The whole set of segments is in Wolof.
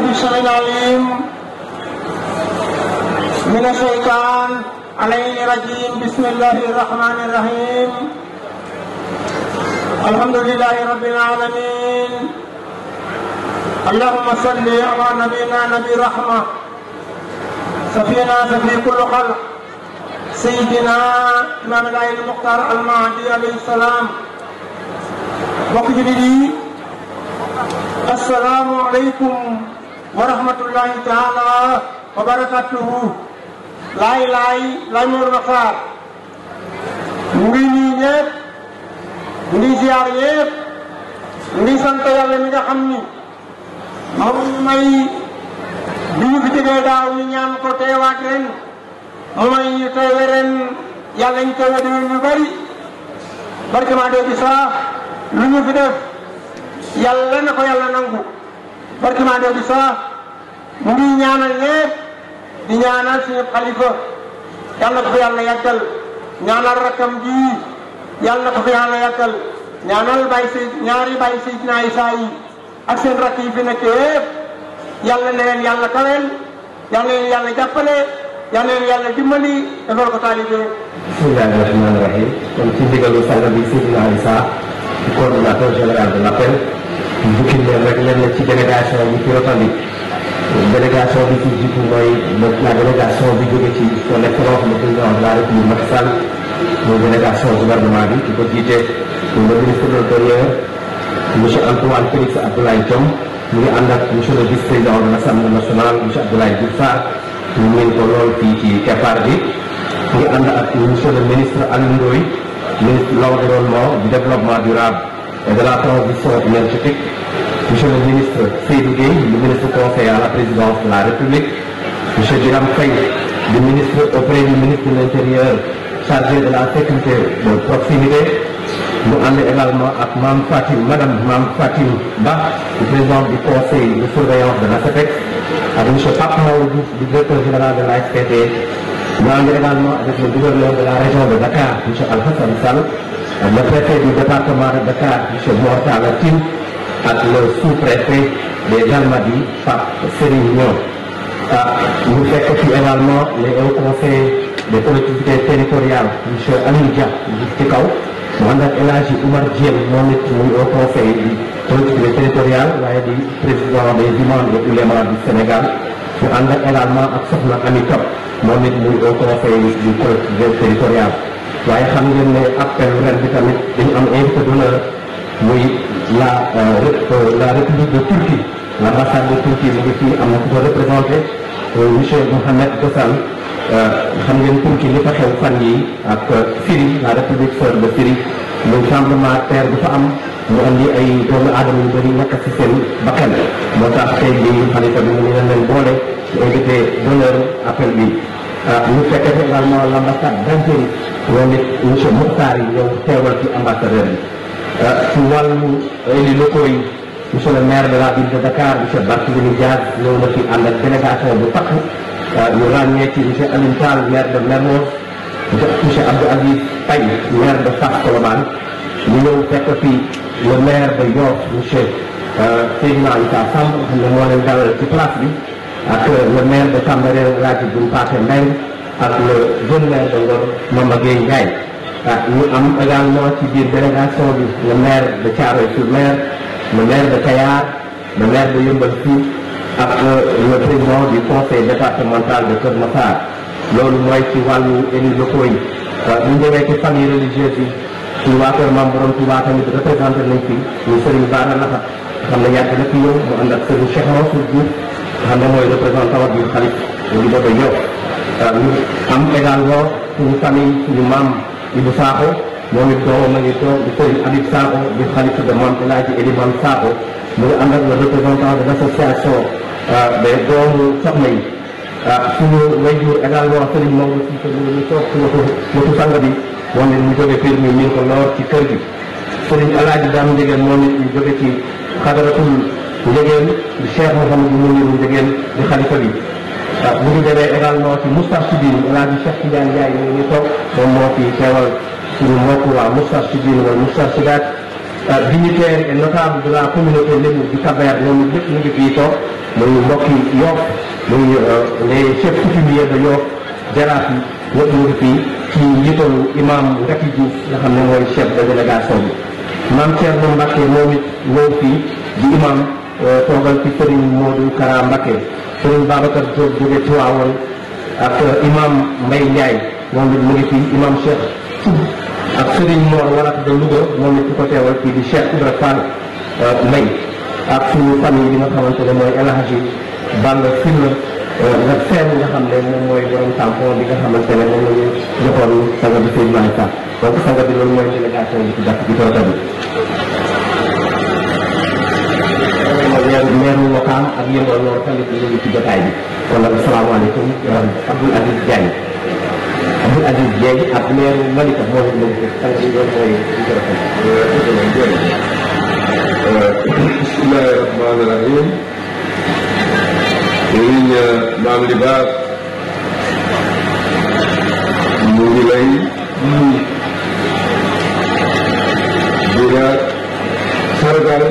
الله السميع العليم من الشيطان عليه رجيم بسم الله الرحمن الرحيم الحمد لله رب العالمين اللهم صل على نبينا نبي رحمه سفينا سفي كل خلق سيدنا امام العين المختار المهدي عليه السلام mbokk ji di assalaamu aleykum wa rahmatullahi taala wa barakatuhu laay laay laay ngi nii ñépp ngi ziar yépp ngi sant yàlla mi nga xam ni moom may bi ñu fi jógee daaw ñu ñaan ko teewaat ren mu may teewe ren yàlla ñu teewe déwén bari barke maa dee bi saa lu fi def yàlla na ko yàlla nangu département bi sax mu ngi ñaanal ñëpp di ñaanal suñu xalifa yàlla ko fi yàlla yàggal ñaanal rakam ji yàlla na ko ñaari bàyyi si naa Isaa yi ak seen rakk yi fi nekk yëpp yàlla na leen yàlla kaleen yàlla leen yàlla jàppale yàlla leen yàlla dimbali defal ko taalibe. bismillahi rahmaani rahim bukki leen rek lenn ci délégation bi fi rotan bi délégation bi ci jiitu mooy la délégation bi jóge ci son excellence le président de la République Macky Sall mooy délégation gouvernement bi ki ko jiite le ministre de l'Intérieur monsieur Antoine Félix Abdoulaye Diome mu ngi ànd ak monsieur le vice président de l'Assemblée nationale monsieur Abdoulaye Diouf Sarr ñu ngeen ko lool fii ci keppaar bi mu ngi ànd ak monsieur le ministre Aly Ndoye ministre de l'environnement du développement durable et de la transition énergétique, Monsieur le ministre Seydou Gueye, le ministre conseiller à la présidence de la République, Monsieur Diram Faye, le ministre auprès du ministre de l'Intérieur chargé de la sécurité de proximité, mu ànd également ak Mame Fatim Madame Mame Fatim Ba, le président du conseil de surveillance de l'ASEPEX, ak Monsieur Pape Maodo Diouf, le directeur général de la SPT, mu ànd également avec le gouverneur de la région de Dakar, Monsieur Alhassane Sall le préfet du département de Dakar, M. Mortal avec le sous-préfet des Almadies, Pape Sérignon. Nous ah, faisons également les hauts conseils des collectivités territoriales, M. Alidia Dikao, Mandat Elagi Oumar Diem, mon au conseil des collectivités territoriales, le président des demandes du du Sénégal, Mandat également à Sohna Amikop, mon au conseil du collectivité territoriale. waaye xam ngeen ne appel ren bi dañu am invité d'honneur muy la euh, la république de Turquie l'ambassade de Turquie mu ngi fii am na ku ko représenté euh, monsieur Mohamed Ghassan euh, xam ngeen Turquie li fa xew fan yi ak Syrie la république sœur de Syrie muy tremblement de terre bi fa am ay doomu aadama yu bëri nekk ci seen bakkan moo tax tey jii mu ngi leen leen boole invité bi ñu ah, fekkee fi également l' ambassade d' Algérie loolu it monsieur Mokhtar yi yow teewal ci ambassadeur bi si ah, wàllu élus eh, locaux yi monsieur le maire de la ville de Dakar monsieur Barthélémy Dias ñëw na fi ànd ak délégation bu takku ah, ñu ràññee ci monsieur Aziz Paye maire de Fass Colobane ñu ñëw fekk fi le maire de Yoff monsieur Seydina Issa Samb xam ne moo leen dalal ci place bi ak le maire de Cambérène Elhadji Doum Pathé Mbengue ak le jeune maire de Ngor Mama Gueye Ndiaye a ñu am également ci biir délégation bi le maire de Thiaroye-sur-Mer le maire de Kayar le maire de Yeumbeul Sud ak le président du conseil départemental de Kër Massar loolu mooy ci wàllu élus locaux yi euh, ñu demee ci famille religieuse yi suñu waa kër Maam Borom Touba tamit nañ fi ñu Serigne Bara Lahat xam ne yàgg na fi yow mu ànd ak Serigne Cheikh Mansour xam ne mooy représentant du xalif bu Diof euh, ñu am également suñu famille suñu maam Ibou Sakho moom it doomam a ngi toog di Serigne Habib Sakho di xalif de Mame El Hadji Elimane Sakho mu ngi ànd ak le représentant de l' association euh, des doomu soxna yi euh, suñu wayjur également Serigne Maodo Cissé mu ngi toog si watu watu sang bi moom it mu jóge fii ñu miin ko lool ci kër gi Serigne El Hadji Dame Ndiéguène moom it ñu jóge ci xadaratul Ndiéguène di Cheikh Mouhamadou Mounirou Ndieguène di xalifa bi waaw bu ñu demee également ci Moustarchidine El Hadj Cheikh Tidiane Ndiaye ñu ngi toog moom moo fi teewal suñu mbokk waa Moustarchidine wala Moustarchidaat euh, dignitaire et notable de la communauté Lébu du Cap-Vert ñoom ñëpp ñu ngi fii euh, de Yoff jaraaf yi ñëpp ñu ngi fii ci njiitalu imam nga xam ne mooy chef de délégation bi maam Thierno Mbacke moom it ñëw fii di imam toogal ci sëriñ Modou Kara Mbacké sëriñ Babacar Diop jóge Tiwaawoon ak euh, imam Mbaye Ndiaye moom it mu ngi fi imam Cheikh Soub ak sëriñ Mor Walat de Louga moom it ku ko teewal fii di Cheikh Ibra Fall euh, Mbaye ak suñu famille bi nga xamante ne mooy El Hadji Banga Sylla nga euh, seen nga xam ne moom mooy borom tampon bi nga xamante ne moom la ñu joxoon sanga bi Seydou Maïssa donc sanga bi loolu mooy délégation bi ci dàq bi torota bi leer leeru Wakaam ak yëngal loolu tamit ñu ci jotaay bi kon nag salaamaaleykum Abdoul Aziz Diagne Abdoul Aziz Diagne ak leeru Malika moo leen doon def tànk yi loolu mooy microphone bismillahi rahmani rahim yéen maam li baax mu ngi lay di la sargal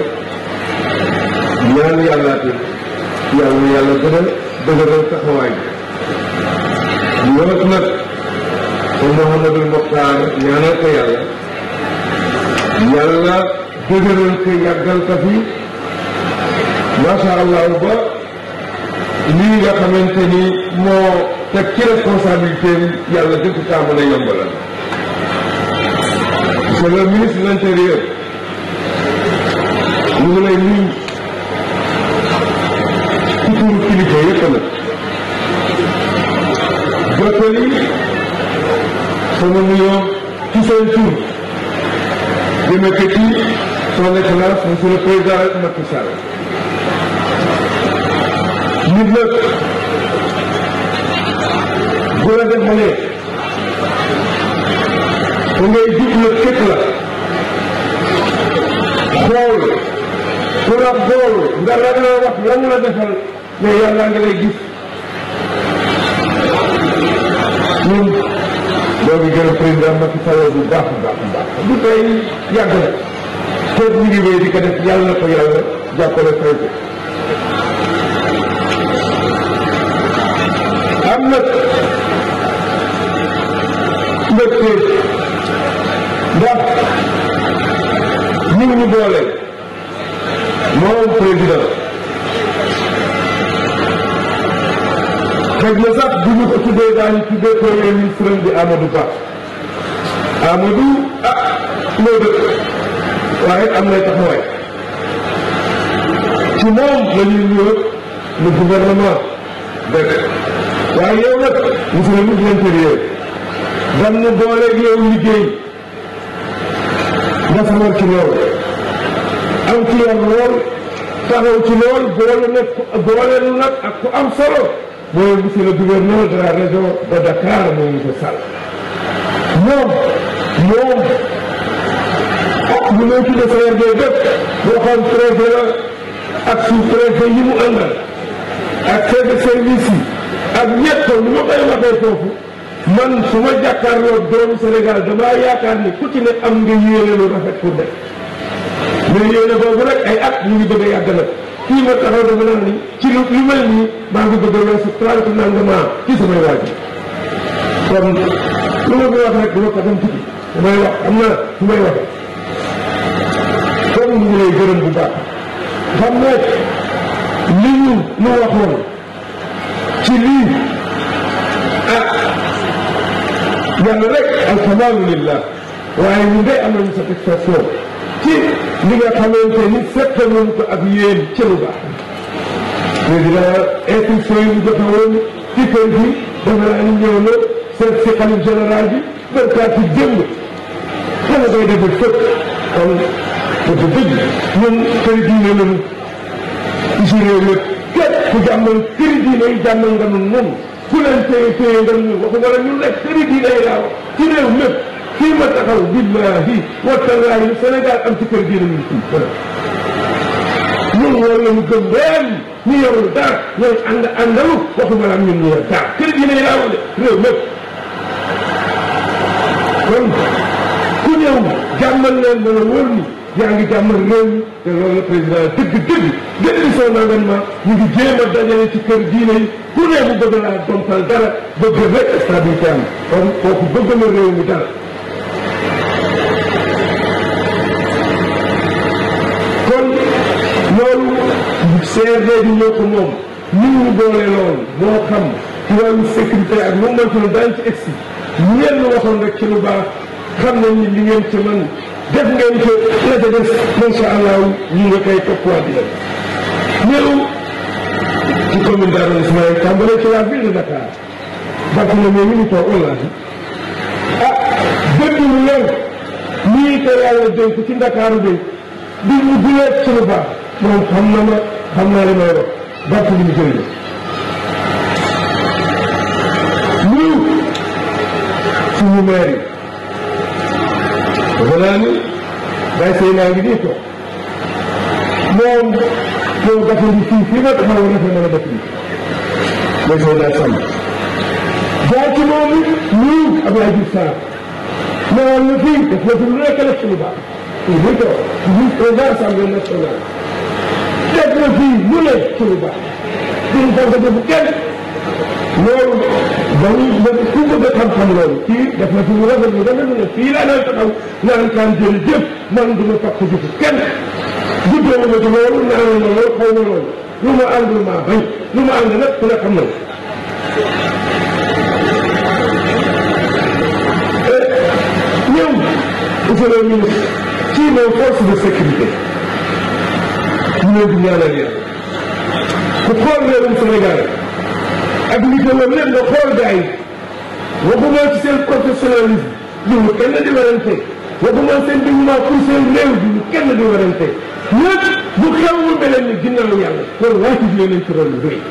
ñaan yàlla te yàlla yàlla gën a dëgëral taxawaay bi loolu nag ko Mouhamadul Mokhtar ñaanal ko yàlla yàlla dëgëral ko yàggal ko fi macha allah ba lii nga xamante ni moo teg ci responsabilité bi yàlla dëgg saa mën a yombalal monsieur le ministre de l'intérieur mu ngi lay nuyu jottali sama nuyoo ci seen tur jëme ko ci son excellence monsieur le président Macky Sall la def ma ne ngay jublu képp la ku rab góor nga lan la wax lan la defal mais yàlla nga lay gis ñoo ngi gërëm président Macky Sall bu baax a baax a bu tey yàgg na te ñu ngi wéy di ko def yàlla na am na mbégte ndax ñu ngi boole moom président xëy na sax bu ñu ko tuddee daañu Amadou Ba Amadou ah loo dëkk waaye am na taxawaay ci moom la ñuy ñëw le gouvernement dëkk waaye yow nag monsieur le ministre de l'intérieur ban na booleeg ci lool am ci yoon lool taxaw ci lool boole nag boole nag am solo. mooy monsieur le gouverneur de la région de Dakar mooy monsieur Sall moom moom mu ngi tudd CRD bépp boo xam préfet la ak sous-préfet yi mu àndal ak chef de service yi ak ñett lu ma koy waxee man su ma jàkkaarloo doomu Sénégal damaa yaakaar ni ku ci ne am nga yéene rafet pour def mais yéene rek ay at ñu ngi bëgg a yàgg fii ma taxaw dama naan ni ci lu lu maa ngi bëgg a weesu trente nangement ci samay waaj kon lu ma koy wax rek dama ko dem tuuti damay wax am na lu may wax kon ñu ngi lay gërëm bu baax xam ne li ñu ñu waxoon ci lii ah yàlla rek alhamdulillah ci li nga xamante ni seetlu ko ak yéen ci lu baax. léegi daal instruction yi ñu jot a woon ci kër gi dafa naa ni ñëw na seet si xalif général bi barkaat ci jënd xale bay def fëkk kon dafa dëgg ñun kër diine lañu ci réew mi képp ku jàmmal kër diine yi jàmmal nga nu noonu ku leen téye téye nga nu waxu nga la ñu nekk kër diine yi laa ci réew mépp fii ma taxaw billahi wa tallahi lu Sénégal am ci kër gi lañuy tiit ñun war nañu gëm leen ñu yorul dara ñooy ànd àndalu waxuma la ñun ñu yor dara kër gi lañuy laawal de réew mépp kon ku ñëw jàmmal leen dana wóor ni yaa ngi jàmmal réew mi te loolu la président dëgg dëgg depuis son avènement ñu ngi jéem a dajale ci kër diine yi ku ne mu bëgg laa dompal dara bëgg rek stabilité am kon kooku bëgg na réew mi dara loolu CRD bi ñoo ko moom ñun ñu doole loolu moo xam ci wàllu mu ak moom mooy que ne daañu ci egsi waxoon rek ci lu baax xam nañ li ngeen ci mën def ngeen ko la ca def allahu ñu nga koy toppwaat di leen. ñëw ci commune Darou Ismaïl tàmbalee ci la ville de Dakar na mais ñu ngi toog Hollande ah dëgg lu leer ñii te yàlla dénk ci Dakar bi di ñu guleet ci lu baax. moom xam na ma xam naa li may wax bàtt bi ñu sëriñ la. ñun suñu maire yi defe naa ni day sëy naa ngi nii toog moom yow bàtt bi fii fii nga taxaw na fa mën a bàtt bi day sëy naa sàmm. jaar ci moom it ñun Abdoulaye Diouf Sarr ne woon na fii def na fi lu nekk def ci lu baax. te bu ñu toog ñu président assemblée nationale teg na fii lu ne Sénégal suñu soxla defu kenn loolu dañuy mën ku bëgg a xam-xam loolu kii def na fi mu rafet lu rafet lu ne fii laa naan taxaw naan kaan jërëjëf man du ma takk jëfu kenn juddoo ma ci loolu naan ma loolu xaw ma loolu lu ma ànd lu maa bañ lu ma ànd nag ku ne xam na eh, ñoom monsieur le ministre ci les forces de sécurité ñu leen di ñaanal yàlla ku xool réewum Sénégal ak li ko wër lépp nga xool gars yi waxuma ci seen professionnalisme ñu kenn di werante waxuma seen dévouement pour seen réew bi ñu kenn di werante ñëpp bu xewul beneen ni ginnaaw yàlla loolu waaye ci leen lañ ci rôle lu rëy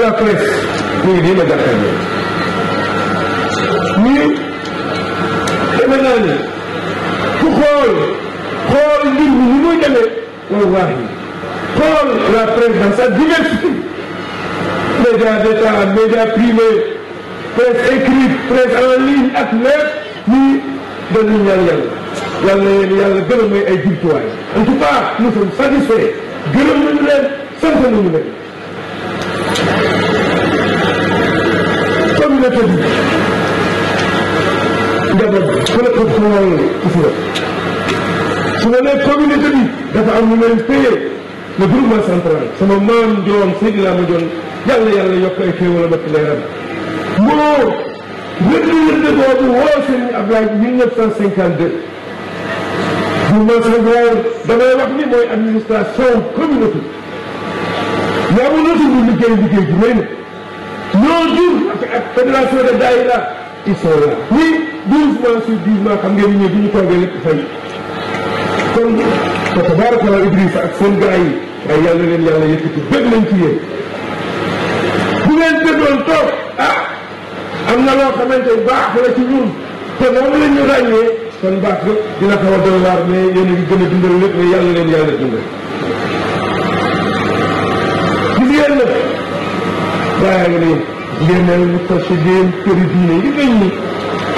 la presse ñu ngi nii ma jàkkaarloo ñii deme naa ne xool xool mbir mi ni muy demee la presse dans sa diversité médias d'État médias privés en ligne ak lépp ñi dañuy ñaan yàlla yàlla yéen yàlla a tout cas nous sommes satisfaits gërëm nañu leen sant nañu nag collectivement Koufour. su ma nee communauté bi dafa am lu leen téye le groupement central sama maam Ndiol Seydou laa ma doon yàlla yàlla yokk ay téye wala bët leeram. moo rëdd rëdd boobu woo seen Ablaye 1952. groupement central damay wax ni mooy administration communauté. yaa ma nootu ñu liggéey liggéey bu rëy na. ñoo jur ak fédération de Daïra ils sont là oui. douze mois sur dix mois xam ngeen ni ñun bi ñu toogee lépp fay ak seen gars yi waaye yàlla leen yàlla yëkkati bëgg nañ ci yéen bu ngeen toog ah am na loo xamante baax la ci ñun te moom la ñu ràññee kon baax la dina xaw a doy waar mais yéen a ngi gën a dundal lépp mais yàlla leen yàlla dundal jigéen la waaye nag jigéen ña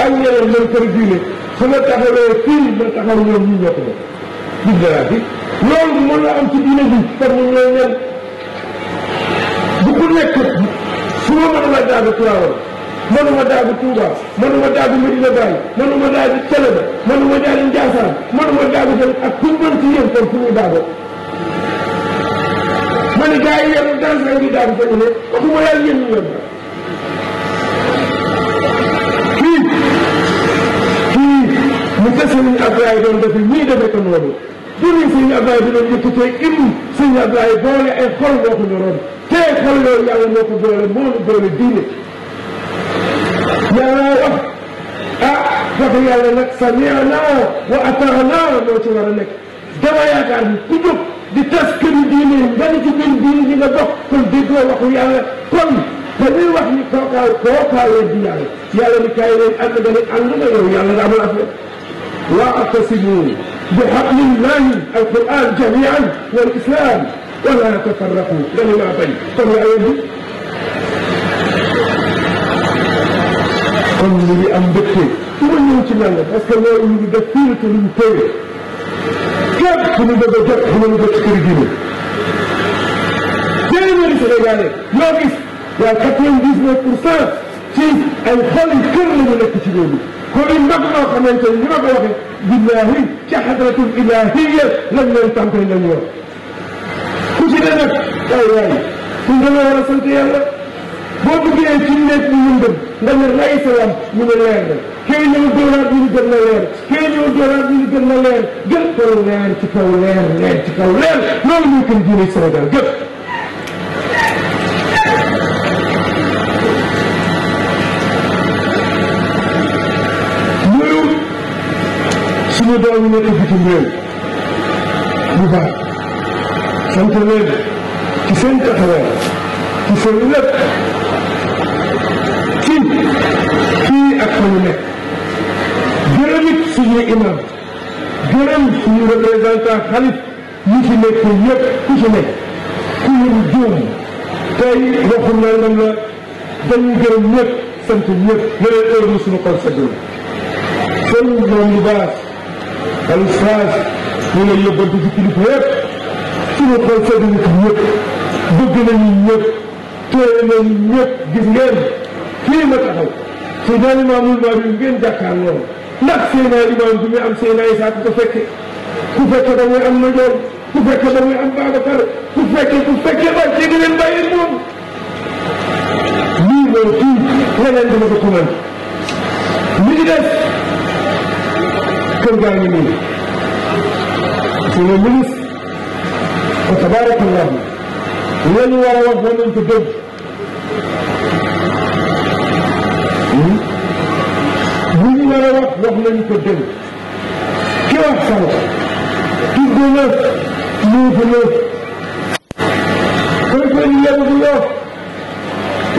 ak ñeneen leen kër diine su la taxawee fii la taxaw ñoom ñu ñett la biddaa bi loolu mën na am ci diine bi par ñu ñooy ñen bu ku nekk su ma mënuma daagu Tiwaawan mënuma daagu Tuuba mënuma daagu Medina Baay mënuma daagu Thiénaba mënuma daagu Njaasaan mënuma daagu jël ak ku mën ci yéen kon fu ñu daago ma ne gars yi yéen daal ngi daagu seen ne waxuma yàlla yéen ñu mu des Serigne Abdoulaye doon def ñii demee ko noonu jëriñ Serigne Abdoulaye bi doon yëkkatee indi Serigne Abdoulaye boole ay xol moo ko ñoroon te xol yooyu yàlla moo ko boole moo la boole diine yàlla wax ah dafa yàlla nag sami'na wa ata'na moo ci war a nekk dama yaakaar ni ku jóg di tas këri diine yi nga ne ci biir diine ñi nga dox kon déggoo waxu yàlla kon dañuy wax ni kookaa kookaa leen di yàlla yàlla ni kaay leen ànd nga ne ànd nga yow yàlla nga amal affaire واعتصموا بحبل الله القرآن جميعا والإسلام ولا تفرقوا لهما بين كم يعلم kon ñu ngi am mbégte su ma ñëw ci mel ne parce que loolu ñu ngi def fii te ñu téye képp suñu bëgg a jot suñu bëgg ci kër gi nii. téeméeri Sénégalais yoo gis yaa quatre-vingt-dix-neuf pour cent ci ay xol yu kër la ñu nekk ci réew mi kon it mag moo xamante ni bu ma ko waxee billaahi ci xadratul ilaahiya lañ leen tàmpee lañ yor ku ci ne nag ay waay suñ dana war a sant yàlla boo duggee ci nekk ñu yëndëm nga ne lay salaam ñu ne leer na kee ñëw dóoraat ñu gën na leer kee ñëw dóoraat ñu gën na leer gën kaw leer ci kaw leer leer ci kaw leer loolu mooy kër diine Sénégal gëpp suñu doom yi nekk bitim réew bu baax sant leen ci seen taxawaay ci seen lépp ci fii ak fa ñu nekk gërëm it suñuy imam gërëm suñu représentant xalif ñi fi nekk yëpp ku ci nekk ku ñu juum tey waxu nangam la dañu gërëm ñëpp sant ñëpp nga leen heure suñu xol sa gërëm sëñ moom lu baax xam saas ñu ngi yóbbante ci kilifa yëpp suñu xool seetlu nit ñëpp bëgg nañu ñëpp téye nañu ñëpp gis ngeen fii ma taxaw Seydina Limaamul Mahdi ngeen jàkkaarloo ndax Seydina Limaam bi muy am Seydina Isaa ku ko fekke ku fekke da ngay am Majoor ku fekke da ngay am Babacar ku fekke ku fekke ba ci di leen bàyyi moom lii moom fii leneen dama ko tumal mi ngi des kër gaa ngi nii monsieur le ministre wa tabarakallah loolu war a wax nañ ko dégg hmm? lu ñu war a wax wax nañ ko dégg ki wax sànq tudd na nuufu na kon yàlla bu wax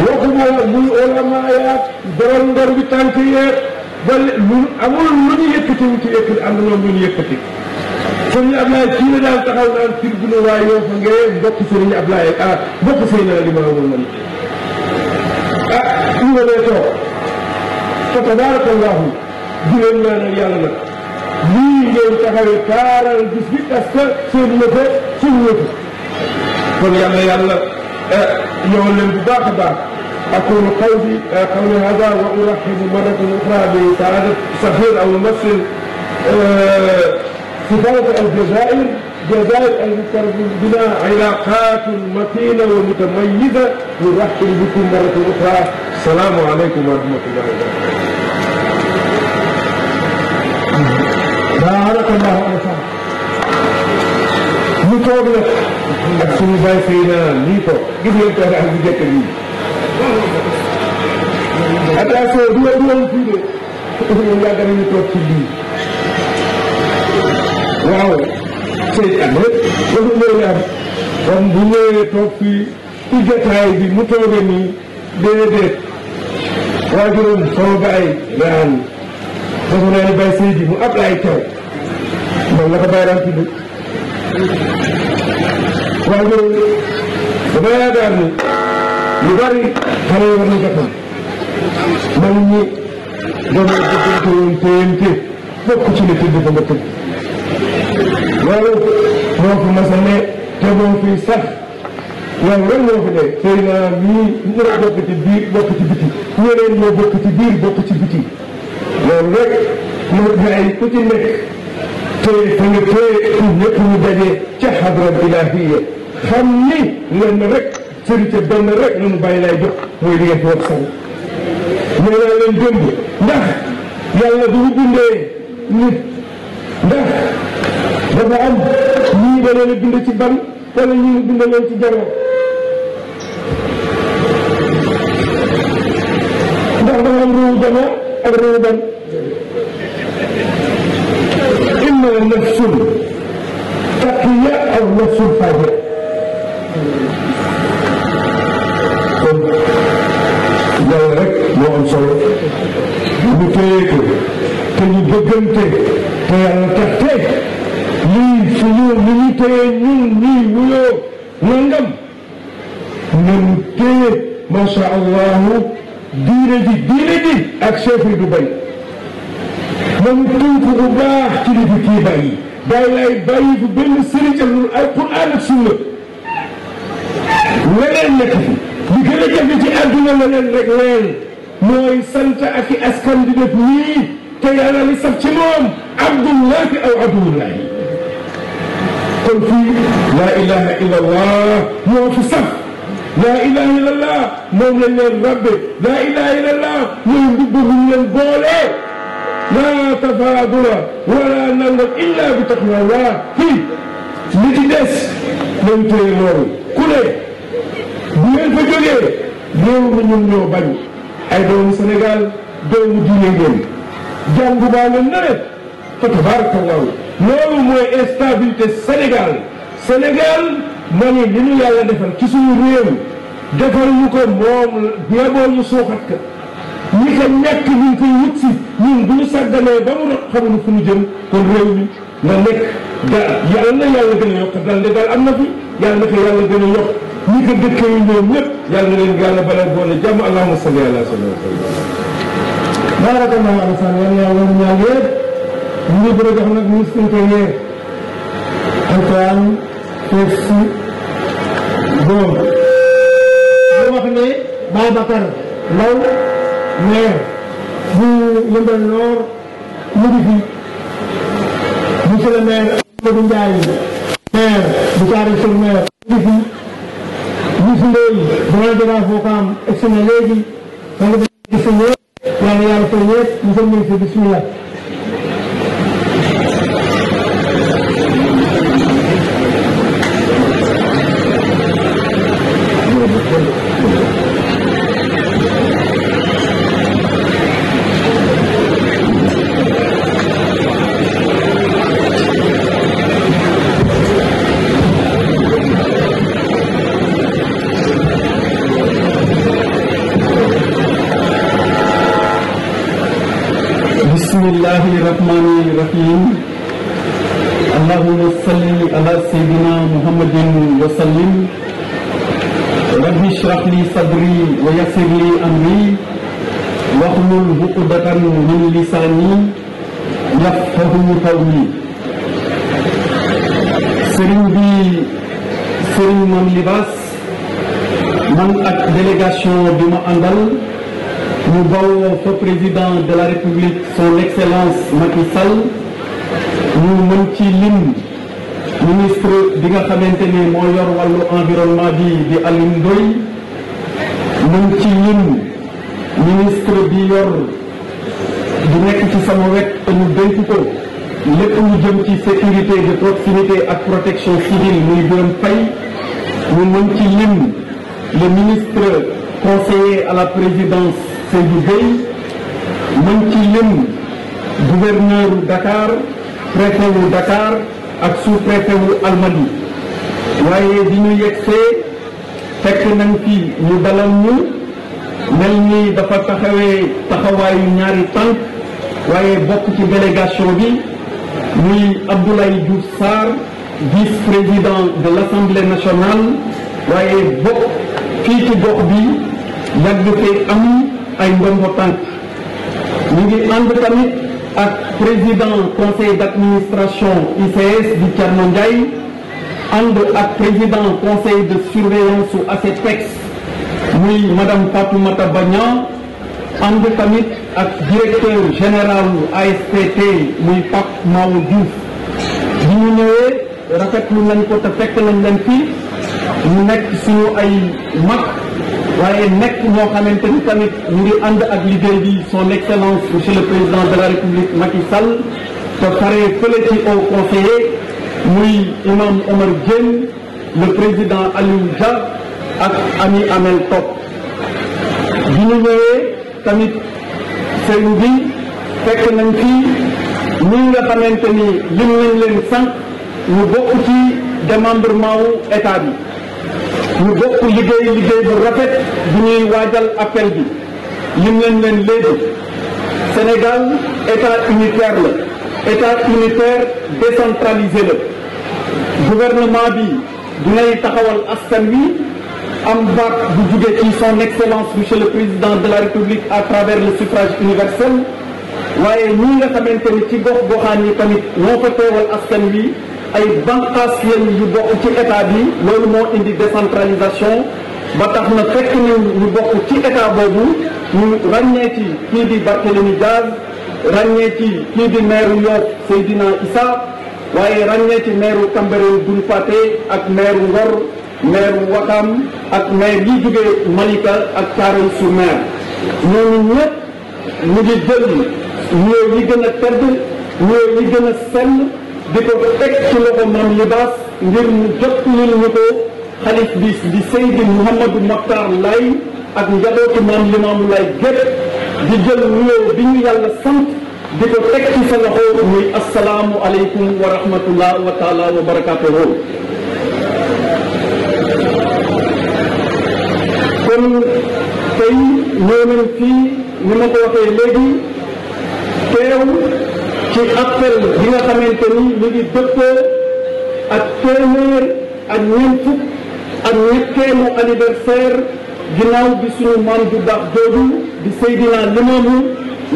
waxuma muy olama yaat borom ndor bi tànk yeeg ba lu amul lu ñu yëkkatiwu ci yëkkati am na lu ñu yëkkati kon ñu Ablaye fii la daan taxaw naan fir bu ne waa yoo fa ngeen bokk sëriñ Ablaye ah bokk sëriñ la li ma amul man ah ñu nga nee toog fa tabaarakallaahu di leen ñaanal yàlla nag lii ngeen taxawee taaral gis bi parce que seen yëfe seen yëfe kon yàlla yàlla eh, yow leen bu baax a baax أقول قولي قولي هذا وأرحب مرة أخرى بسعادة سفير أو ممثل سفارة الجزائر جزائر المفترض بنا علاقات متينة ومتميزة نرحب بكم مرة أخرى السلام عليكم ورحمة الله وبركاته بارك الله فيك ñu toog nag ak suñu bàyyi fay naa lii toog gis ngeen toog ak bu jëkk bi attention du ma du ma fii de ñun yàgg nañu toog ci lii waaw sëñ am rek dafa ñëw yar kon bu ñëwee toog fii ci jotaay mu toogee nii déedéet waajuram baay daan dafa naa ne bay lu bari xale yi war nañ ko xam man ñi dañoo bëggante woon TNT bokk ci li tëdd ba nga tëdd loolu moo ko mas a ne te boo fii sax loolu lan moo fi ne tey naa ñii ñoo bokk ci biir bokk ci biti ñeneen ñoo bokk ci biir bokk ci biti loolu rek moo gars yi ku ci nekk tey fa nga tey ñëpp ñu daje ca xadra ilaahiya xam ni lenn rek sëriñ ca doon na rek lu mu bàyyi lay jox mooy li ngeen fi wax sànq. ñu ne leen démb ndax yàlla du mu bindee nit ndax dafa am ñii da leen a bind ci ban wala ñii mu bind leen ci jara ndax dafa am ruu jama ak ruu ban inna nafsul taqiya aw nafsul fajira kon yàlla rek moo am solo ñu téye ko te ñu bëggante te yàlla tax te lii suñu li ñu téye ñun ñii wuyoo nangam nañu téye macha allahu diine ji diine ji ak chef yi du bay nañu tënk bu baax ci li fi kii bàyyi bàyyi laay bàyyi bu benn sëriñ ak ay Alxuraan ak sunna leneen nekk fi li gën a jafe ci àdduna la leen rek leen mooy sant ak i askan di def nii te yàlla li sax ci moom abdullahi aw abdullahi kon fii laa ilaha illa allah moo fi sax laa ilaha illa allah moom lañ leen rabbe laa ilaha illa allah mooy mbubb buñ leen boole laa tafaadula wala nangam illa bi taqwa allah fii li ci des nañ téye loolu ku ne bu ngeen fa jógee réew mi ñun ñoo bañ ay doomu senegal doomu diine ngeen jàngu baa nga nawet fa tabarakallahu loolu mooy instabilité Sénégal Sénégal ma ni li ñu yàlla defal ci suñu réew defal ñu ko moom yeboo ñu suuxat ka ñi ko ñàkk ñu koy wut si ñun bu ñu sàgganee ba mu rot xamuñu fu ñu jëm kon réew mi na nekk yàlla yàlla gën a yokk daal de am na fi yàlla ko yàlla gën a yokk ñi ko dëkkee ñoom ñëpp yàlla na leen yàlla bala boole jàmm allahumma salli ala sayyidina barakallahu ala san wala yaa wala ñaa yépp ñu bëgg a jox nag ñu suñ ko yee alquran teeg si boom ñu wax ne Baye noor ñu ngi fi monsieur le Mer ñu ngi fi Youssou Ndoye damay jëlaat boo ko am egsi na léegi da nga gis ñëpp yàlla yàlla fay ñëpp ñu jëm ñu fi bismillah yassir li amri wahlul uqdatan min lisaani sëriñ bi sëriñ Mame Libasse man ak délégation bi ma àndal ñu bawoo fa président de la république son excellence Macky Sall ñu mën ci lim ministre bi nga xamante ni moo yor wàllu environnement bi di Alioune Ndoye yor du nekk ci sama wet te ñu dénk ko lépp lu jëm ci sécurité de proximité ak protection civile muy Birame Faye ñu mën ci lim le ministre conseiller à la présidence Seydou Gueye mën ci lim gouverneur Dakar préfet Dakar ak sous-préfet wu waaye bi ñu yegsee fekk nañ fi ñu dalal ñu mel ni dafa taxawee taxawaayu ñaari tànk waaye bokk ci délégation bi muy Abdoulaye Diouf Sarr vice-président de l'Assemblée nationale waaye bokk fii ci gox bi yàgg fee ay ndombo tànk ñu ngi ànd tamit ak président conseil d'administration ICS di Thierno Ndiaye ak président conseil de surveillance su ACPEX muy madame Fatoumata Bagnan ànd tamit ak directeur général ASPT muy Pape Maou Diouf bi ñu ñëwee rafetlu nañ ko te fekk nañ leen fii mu nekk suñu ay mag waaye nekk moo xamante ni tamit ñu ngi ànd ak liggéey bi son excellence monsieur le président de la république Macky Sall te pare fële au conseiller muy imam Omar Diène le président Aliou Dia ak ami amel topp bi ñu ñëwee tamit sëriñ bi fekk nañ fii ñi nga xamante ni lim nañ leen sànq ñu bokk ci demandrement wu état bi ñu bokk liggéey liggéey bu rafet bu ñuy waajal appel bi lim nañ leen léegi Sénégal état unitaire la état unitaire décentralisé la gouvernement bi dinay taxawal askan wi am baat bu jugee ci son excellence monsieur le président de la république à travers le suffrage universel waaye ñi nga xamante ni ci gox goxaan yi tamit ñoo fa askan wi ay banqaas yeen yu bokk ci état bi loolu moo indi décentralisation ba na fekk ni ñu bokk ci état boobu ñu ràññee ci kii di Barthélémy Diaz ràññee ci kii di maire Yoff Seydina Issa waaye ràññee ci maire Cambérène Doul Paté ak maire Ngor maire Wakam ak maire yi jógee Malika ak Thiaroye sur Mer ñooñu ñëpp ñu ngi jël ñoo ñi gën a tedd ñoo gën a sell di ko teg ci loxo Mame mu jot lil bi di Seydi Mouhamadou Mokhtar Laye ak njabootu Mame Limamou Laye gépp di bi ñu yàlla sant di ko teg ci sa loxo muy asalaamu aleykum wa rahmatullah wa taala wa barakatuhu ñoo nañ fii ni ma ko waxee léegi teew ci appel bi nga xamante ni ñu ngi dëppoo ak téeméer ak ñeent fukk ak ñetteelu anniversaire ginnaaw bi suñu maam ju baax jooju di Seydina Limaamu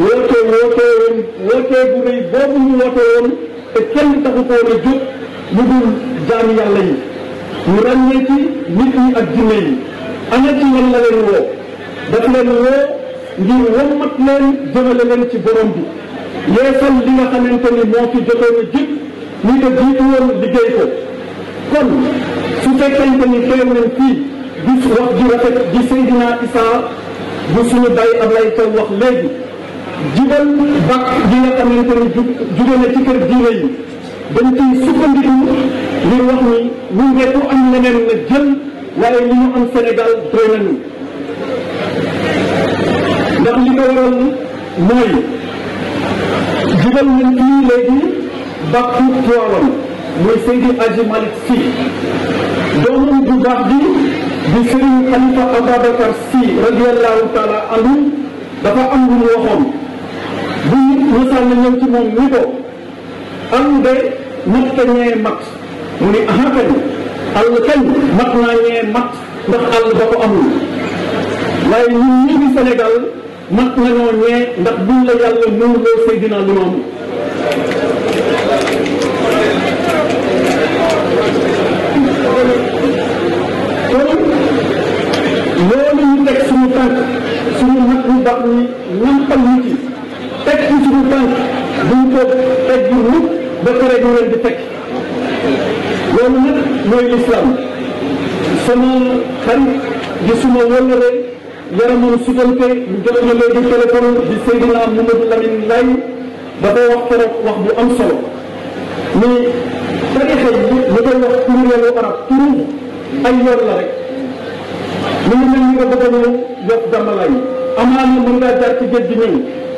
woote woote woon woote bu rëy boobu ñu woote woon te kenn taxu ko woon a jóg lu dul jaam yàlla yi ñu ràññee ci nit ñi ak jinne yi ana ci ñan la leen woo daf leen woo ngir wommat leen jëmale leen ci borom bi yeesal li nga xamante ni moo fi jotoon a jig ñi ko jiitu woon liggéey ko kon su fekkente ni teew nañ fii gis wax ji rafet ji Seydina Isaa bu suñu bay Ablaye Sow wax léegi jibal bàq ji nga xamante ni jóge na ci kër diine yi dañ ciy sukkandiku ngir wax ni ñu ngetu am leneen na jël waaye li ñu am Sénégal doy nañu digaloon mooy digal nañ fii léegi bàkku toolam mooy Seydi Aji Malick Sy doomam bu baax bi di Serigne Khalifa Ababacar Sy radiallahu taala anhu dafa am lu mu waxoon bu nit mësaan na ñëw ci moom ni ko àll de nat ka ñee mat mu ni aha kañ àll kañ mat naa ñee mat ndax àll da ko amul waaye ñun ñii di Sénégal mën nañoo ñee ndax buñ la yàlla nuur Seydina Limaamu kon loolu ñu teg suñu tànk suñu mag ñu baax ñi nampal ñu ci teg ci suñu tànk buñ ko teg bu mukk ba pare ñu leen di teg loolu nag mooy lislaam sama xarit di suma yaramam sutante ñu jëloon na léegi téléphone di Seydina Mamadou Lamine Laye dafa wax keroog wax bu am solo mais tarixa yi ñu koy wax plurielu arab turu ay yor la rek mu ngi mel ni nga bëgg a ñëw yokk dàmbalaay yi amaana mën ngaa jaar ci géej gi ñëw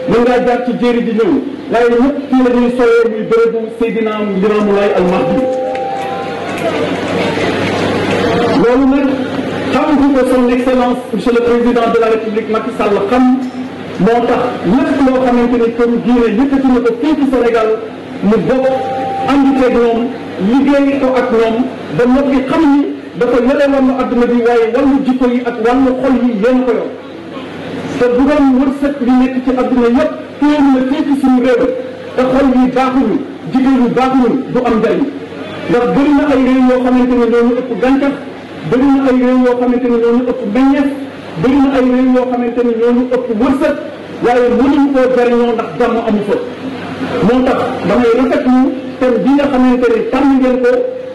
mën ngaa jaar ci jéeri di ñëw waaye ñëpp fii la ñuy sooyee muy bérébu Seydina Limaamu Laay xam nga son excellence monsieur le président de la république Macky Sall xam moo tax lépp loo xamante ni comme diine yëkkati na ko fii ci Sénégal mu bokk ànd ceeg ñoom liggéey ko ak ñoom ba noppi xam ni dafa yore wàllu adduna bi waaye wàllu jikko yi ak wàllu xol yi yéen ko yor te bu doon wërsëg bi nekk ci adduna yëpp téew na fii ci suñu réew te xol yi baaxuñu jigéen yi baaxuñu du am njariñ ndax bëri na ay réew yoo xamante ni ñoo ñu ëpp gàncax bëri na ay réew yoo xamante ni ñoo ñu ëpp meññeef bëri na ay réew yoo xamante ni ñoo ñu ëpp wërsëg waaye mënuñu koo jariñoo ndax jàmm amu fa. moo tax damay rafetlu thème bi nga xamante ni tànn ngeen ko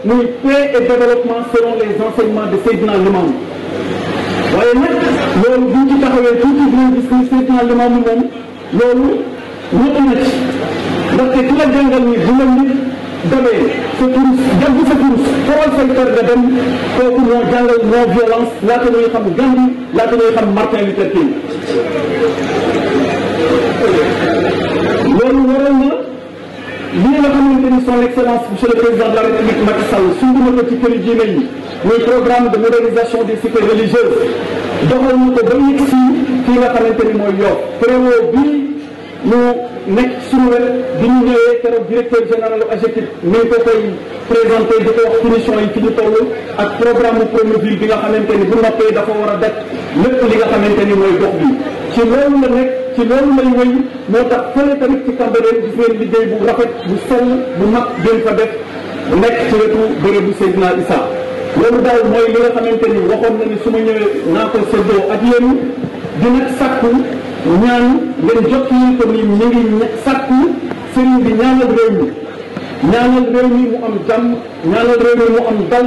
muy paix et développement selon les enseignements de Seydina Limamou waaye nag loolu buñ ci taxawee tuuti dinañ gis ni Seydina Limamou moom loolu ñëpp na ci ndaxte ki la jàngal ni bu demee sa turist jàpp sa turist xoolal say kër nga dem kooku ñoo jàngal non violence laata ñuy xam Gandhi laata ñuy xam Martin Luther King loolu waral na lii nga xamante ni son excellence monsieur le président de la république Macky Sall sumb na ko ci këri diine yi muy programme de modernisation des cités religieuses doxal ñu ko ba yëg si fii nga xamante ni mooy Yoff prévôt bi ñu nekk su wër bi ñu ñëwee keroog directeur général AGETIP mi ngi ko koy présenté di ko wax finition yi fi ñu toll ak programme Promoville bi nga xamante ni bu noppee dafa war a def lépp li nga xamante ni mooy dox bi ci loolu la nekk ci loolu lay wéy moo tax fële tamit ci Cambérène bu rafet bu sell bu mag gën fa def nekk ci wetu bérébu Seydina Issa loolu daal mooy li nga xamante ni waxoon na ni su ma ñëwee naa ko séddoo ak yéen dina sàkku ñaan ngeen jot ñu ko ni ñu ngi sàkku sëriñ bi ñaanal réew mi ñaanal réew mi mu am jàmm ñaanal réew mi mu am dal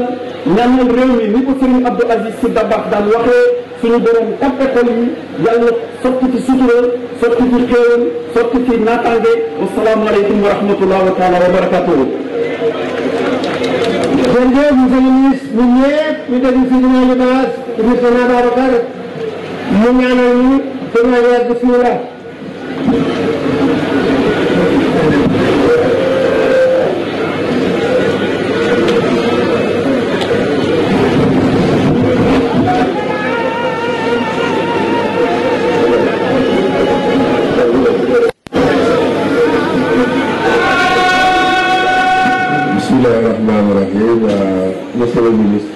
ñaanal réew mi ni ko sëriñ Abdou Aziz Sy Dabakh daan waxee suñu borom tappe xol yi yàlla sotti ci sutura sotti ci xéewal sotti ci naataange wasalaamaaleykum wa rahmatullah wa taala wa barakatuhu jërëjëf monsieur le ministre ñun ñëpp ñu déglu si ñu ñaan li baax ministre Babacar mu ñaanal ñu dañoo yàgg fii la Bismillahirrahmanirrahim. Monsieur le ministre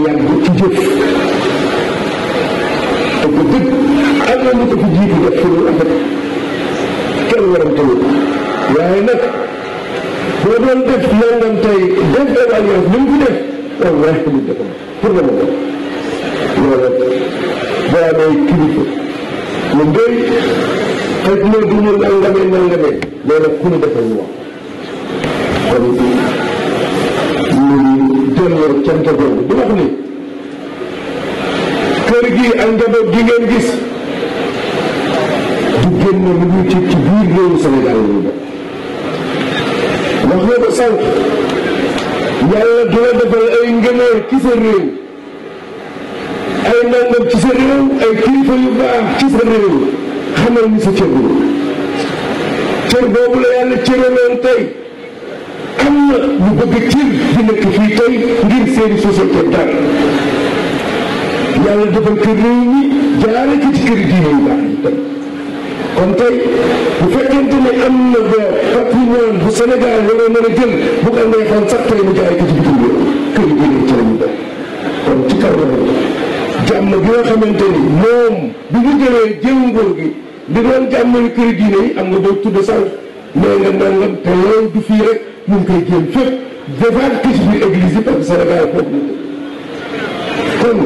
nga yàgg ci jëf te bu dëgg am na lu ko fi jiitu def fi lu rafet kenn warante wu waaye nag boo doon def nangam wër cant boobu ni kër gi ak njaboot ngeen gis du génn lu ñu ci ci biir réewu Sénégal yi wax nga ko sànq yàlla du la defal ay ngëneel ci sa réew ay nangam ci ay kilifa yu baax ci sa réew xamal ni sa cër boobu cër boobu la yàlla am na ñu bëgg cër di nekk fii tey ngir seen société dal yàlla defal kër réew mi jaare ko ci kër diine yu baax yi tey kon tey bu fekkente ne am na ba patrimoine bu Sénégal waroo mën a jël bu ko neexoon sax tey mu jaare ko ci bitim réew kër diine ci xamante ni moom bi ñu jëlee jëw nguur gi di doon jàmmali kër diine yi am nga boo tudd sànq nee nga nangam te loolu du fii ñu ngi koy jéem fépp devant ci biir église yi parce que Sénégal foofu kon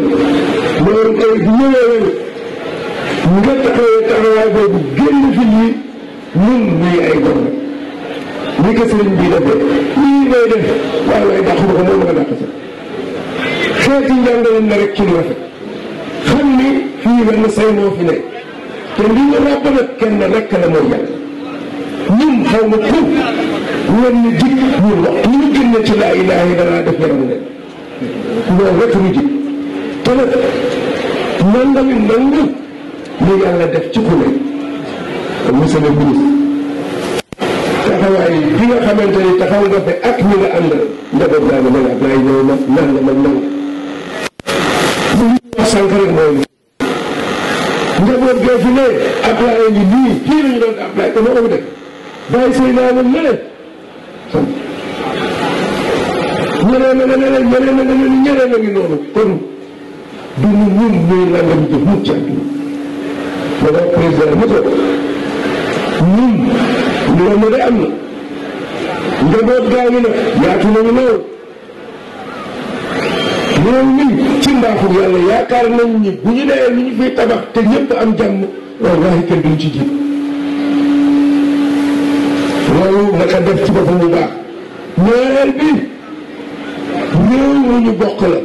loolu tey bu ñëwee nga taxawee taxawaay boobu génn fi ñi ñun ñuy ay góor la ñi ko sëriñ bi defee lii ngay def waaye waaye dàq ko moom nga dàq sax xeeti njàngaleen na rek ci lu rafet xam ni fii benn say moo fi nekk te li ñu ràbb nag kenn rek la mooy yàlla ñun xaw ma ñoom ñu jig ñun ñu ñu génne ci laa ilaha illallah def yaram leen loolu rek ñu jig te nag nangami nangu li yàlla def ci ku ne monsieur le ministre taxawaay bi ni taxaw nga fi ak ñi nga àndal njaboot naa nga mën ak laay ñëw ma nanga ma nang bu ñu wax sànq rek mooy njaboot gee fi ne ñeneen a ñeneen a ñeneen ñeneen a ngi noonu kon du ñu ñun ñuy nangam jëf mucc ak ma président ni ko ñun loolu ma de am na njaboot gaa ngi na yaatu nañu lool loolu nii ci mbaaxu yàlla yaakaar nañ ni bu ñu nee li ñu fiy tabax te ñëpp am jàmm wallahi kenn duñ ci jiit loolu naka def ci boppam bu baax ñaareel bi mooy ñu bokk la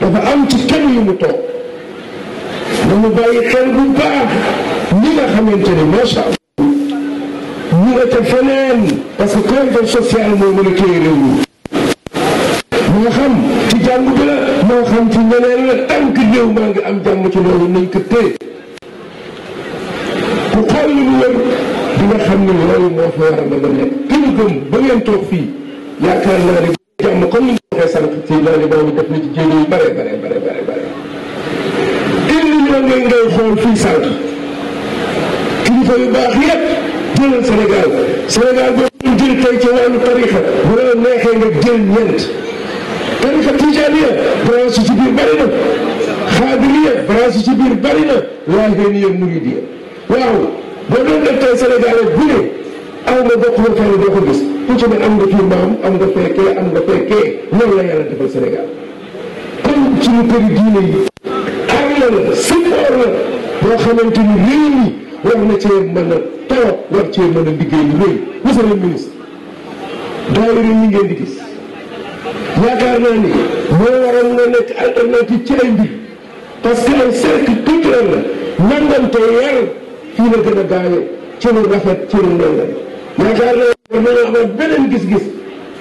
dafa am ci kenn yu mu toog dañu bàyyi xel bu baax ñi nga xamante ne macha allah ñu nga ca feneen parce que cohésion sociale moo mën a téye réew mi moo xam ci jàng bi la moo xam ci ñeneen la tant que réew maa ngi am jàmm ci loolu nañ ko téye ku xool li mu wër di nga xam ni loolu moo fa war a mën a nekk kër gëm ba ngeen toog fii yaakaar naa ne jàmm comme ni ñu waxee sànq ci loolu boobu def na ci jéego yu bare bare bare bare bare dindi ñoo ngay ngay xool fii sànq kilifa yu baax yépp jëlal Sénégal Sénégal boobu ñu jël tey ci wàllu tarixa bu la neexee nga jël ñeent tarixa tijaaniya branche ci biir bari na xaadiriya branche ci biir bari na laayeniya muridiya waaw boo doon def tey Sénégal bu ne aw ma bokk nga xam ne doo ko ci ne am nga fii maam am nga fekkee am nga fekkee loolu la yàlla defal Sénégal comme suñu këri diine yi xar la la support la boo xamante ni réew mi war na cee mën a toog war cee mën a liggéey lu rëy monsieur le ministre daayira ñi ngeen di gis nga nekk ci ay mbir parce que fii la gën a gaawe ci lu rafet ci lu nangam yaakaar naa war nañoo amal beneen gis-gis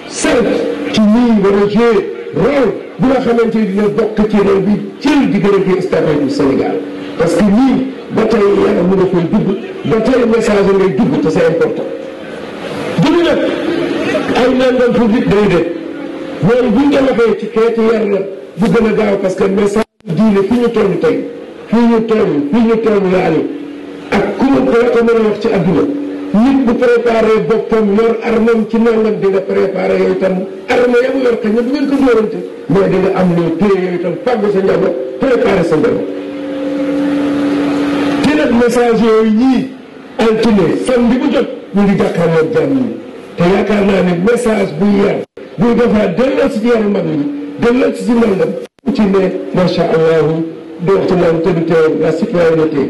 sant ci ñii war a joué rôle bu nga xamante ni dina bokk ci réew bi jël di gën a gën stafet bu Sénégal parce que ñii ba tey yàlla mën na koy dugg ba tey message ngay dugg te c'est important. dugg nag ay nangam pour nit day def loolu buñ ko waxee ci xeetu yar la bu gën a gaaw parce que message diine fi ñu toll tey fi ñu toll fi ñu toll laale ak ku ko ko mën a wax ci adduna. nit bu préparé boppam yor armam ci nangam dina préparé yooyu tam arme yor kañ bu ngeen ko dóorante mooy di nga am loo téye yooyu tam fàggu sa njaboot préparé sa njaboot te nag message yooyu ñii altine samedi bu jot ñu ngi jàkkaarloog jàmm yi te yaakaar naa ne message buy yar buy defaat delloo si yaram mag yi delloo si si nangam ci ne macha allahu dootu naan te du teew la citoyenneté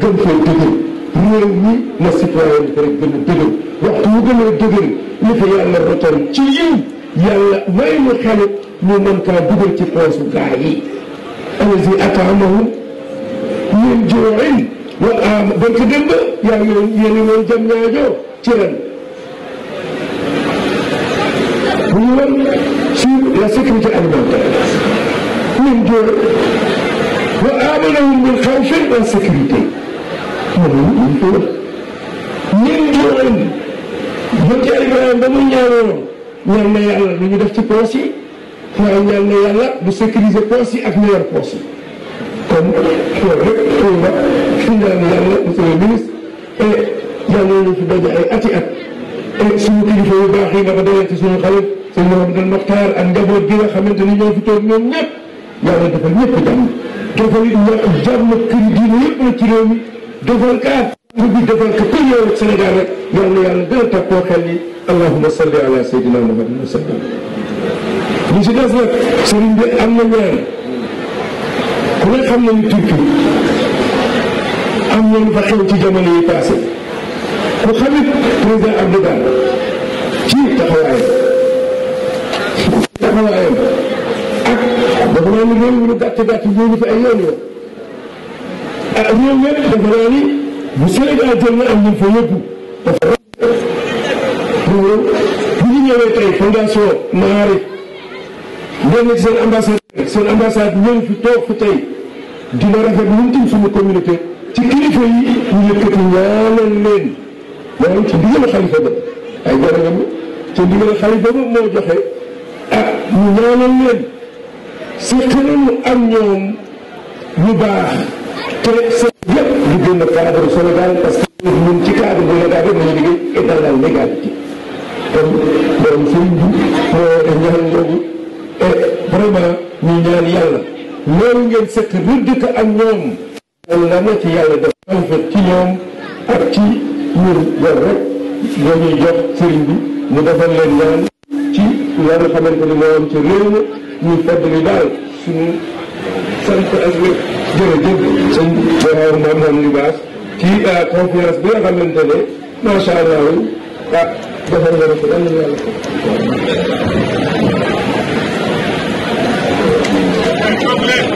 gën fee dëgër réew mi na citoyenneté rek gën a dëgër waxtu wu gën a dëgër li fi yàlla rotal ci yiw yàlla may nu xelit ñu mën kaa dugal ci poosu gaa yi allazi ataamahum min juuin wa am donc démb yaa ngi leen yéen a leen jëm ñaajoo ci ren bu ñu woon sur la sécurité alimentaire min juuin wa amanahum min xawfin insécurité moom ñu ko def ñun juróom bu ca Ibrahima ba mu ñaanoon ñaan na yàlla lu ñu def ci poos yi waaye ñaan na yàlla bu sécuriser poos yi ak ñu yor poos yi kon loolu rek xëy na fi ñaan yàlla monsieur le ministre et yàlla nañu fi daje ay ati at et suñu kilifa yu baax yi nga ko dalee ci suñu xarit sëñ Mouhamadou Mokhtar ak njaboot gi nga xamante ni ñoo fi toog ñoom ñëpp yàlla defal ñëpp jàmm defal it jàmm kër diine yëpp la ci réew mi devant ka mu ngi devant que période Sénégal rek yal na yàlla gën a tàppoo xel yi allahuma salli ala sayyidina muhammadin wa sallam ñu si des nag sëriñ bi am na ñaan ku ne xam nañu Turki am na lu fa xew ci jamono yi passé ku xamit président Erdogan ci taxawaayam taxawaayam ak dafa naa ni loolu lu gàtt gàtt ñoo ngi fi ay yoon yoon réew mi dafa naa ni bu Sénégal jël na am ñu fa yóbbu dafa bu ñu ñëwee tey fondation Maarif ngeen nekk seen ambassade seen ambassade ñëw fi toog fi tey dina rafet ñun tam suñu communauté ci kilifa yi ñu yëkkati ñaanal leen maanaam ci ndigal xalifa ba ay garagam ci ndigal xalifa ba moo joxe ah ñu ñaanal leen seqaloon am ñoom lu baax te seen yëpp di génn cadre Sénégal parce que ñun ci cadre bu légal rek nañu liggéey et dans la légalité kon borom sëriñ bi moo def ñaan boobu et vraiment ñu ñaan yàlla loolu ngeen sëkk lu dëkk ak ñoom yàlla na ci yàlla def tawfet mu defal leen ñaan ci la nga xamante ni moo li daal suñu sant ak jërëjëf sëñ Mor Mor Libaas ci euh, conférence bi nga xamante ne macha allah ah defal nga ko lan la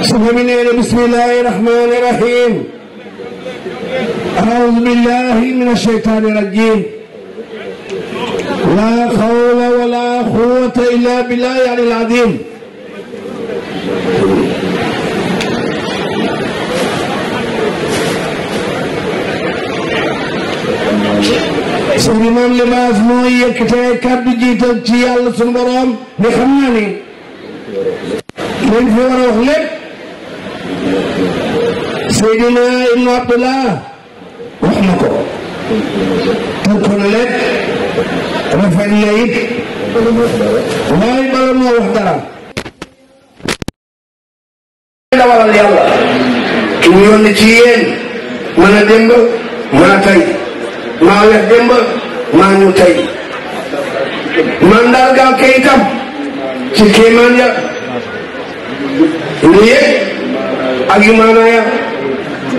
suñu mi nee na bismillahi rahmani rahim أعوذ بالله من الشيطان الرجيم لا حول ولا قوة إلا بالله العلي العظيم sëñ bi moom libaas moo yëkkatee kàddu jiital ci yàlla suñu borom xam naa ni fi war a wax lépp Seydina Ibnu Abdullah wax na ko tënk na lépp rafet na bala moo wax dara da waral yàlla ci yéen mën a démb mën maa weex démb maa ñu tey mandargaal kayitam ci kéemaan ya lu yëg ak yu maanaa ya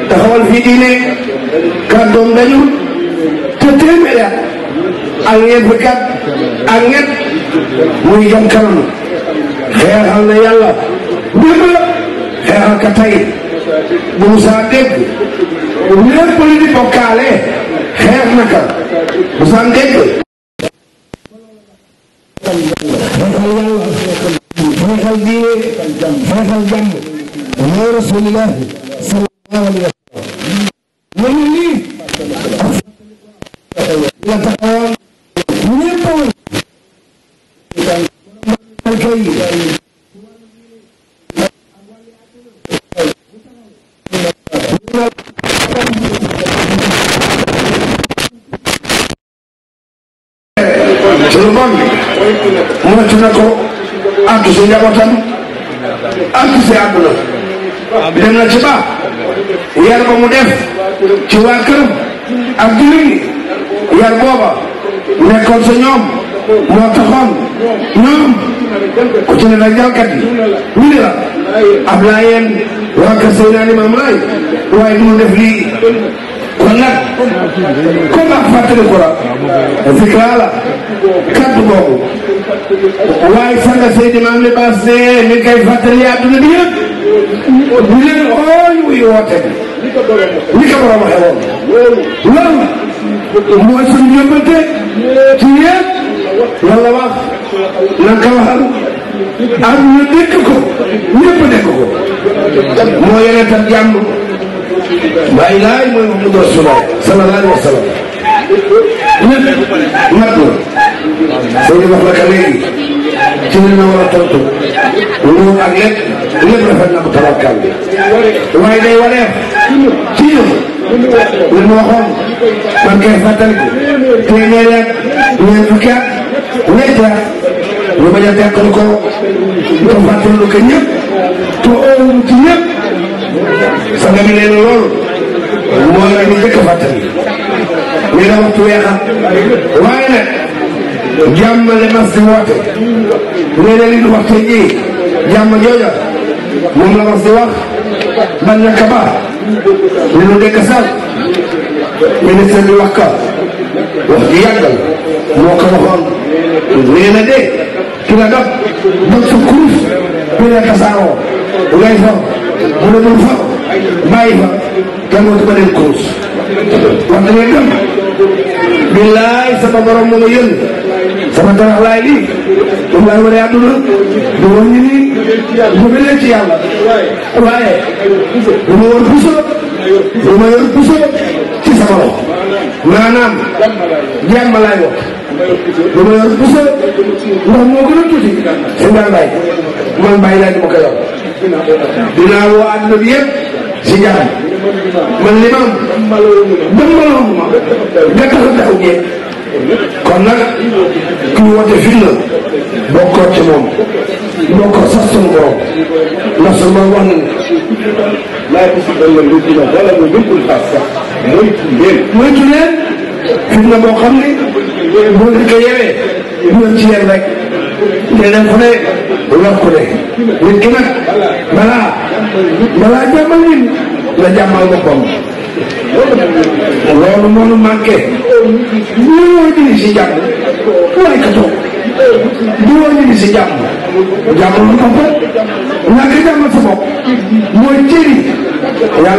taxawal fi diine kàddoom dañu te téeméer ya ak ñeent fukki at muy jëm kanam xeexal na yàlla démb xeexal ka tey bu musaa dégg lépp lu di bokkaale xeex na ka bu saa dégg xeexal diine xeexal jàmm moo rasulillah sallallahu alayhi wa sallam njabootam enquisé àdduna dem na ci baax yar ba mu def ci waa këram ak jullit yi yar booba nekkoon sa ñoom moo taxoon ñoom ku ci ne nag jalkat yi ñu ne la ab laayeen waa kër Seydina Limaam waaye mu def lii kon nag comme ak fàttaliku la zikra la kaddu boobu waaye fan nga seen baas see mi ngi koy fàttali àdduna bi yëpp bu leen ooy li ko borom waxee woon loolu mooy suñu yóbbante ci yéen loolu la wax na nga ko am ñu dégg ko ñëpp dégg ko moo yore tam laa ilaaha illa Muhammadu Rasulullah sallallahu alayhi wa sallam lépp mat na soo ñu wax la ka léegi ci li na war a tontu loolu ak lépp lépp rafet na ko tabarkaal bi waaye day waneef ci ñun li mu waxoon man kay fàttaliku téeméer ak ñeent fukki at ñetti at ñu bañ a teqal ko ñu ko fàttaliku ñëpp te oowuñu ci ñëpp sangam nee na loolu mooy li ñu njëkk a fàttali ñu ne waxtu weexat waaye nag mas di woote nee na li ñu waxtu jii mas di wax ban na kaba li ñu dëkk sax ministre bi wax ka wax ji yàggal moo ko waxoon nee na de ki la dab dog sa kuuf bi la tasaaroo ngay soog mu ne bul fa bàyyi fa jàngat ba leen koos wax da ngay billaay sama borom mu nga yël laay lii moom laay waree àdduna du wax ni nii bu ma leen ci yàlla waaye du ma war puso du ma ci sama loxo maanaam jàmm laay wax du ma yor puso ndax moo gën a man bàyyi laa di ma ko dinaa woo àdduna bi yëpp si jàmm man li ma am dëmbaloo ma nga tax a taxaw jeeg kon nag ku woote fitna bokkoo ci moom bokkoo sax sama borom ndax sama wax na laay ko si bëgg lu dina wala lu dëkkul sax sax moytu leen moytu leen fitna boo xam ne boo di ko yewee dina ci yem rek te dem ku ne wax ku ne nit ki nag balaa balaa jàmmal nit la jàmmal boppam loolu moo nu manqué ñoo ñu si jàmm waaye ka toog ñoo ñu si jàmm jàmm lu ko fa ñàkk jàmmal sa bopp mooy la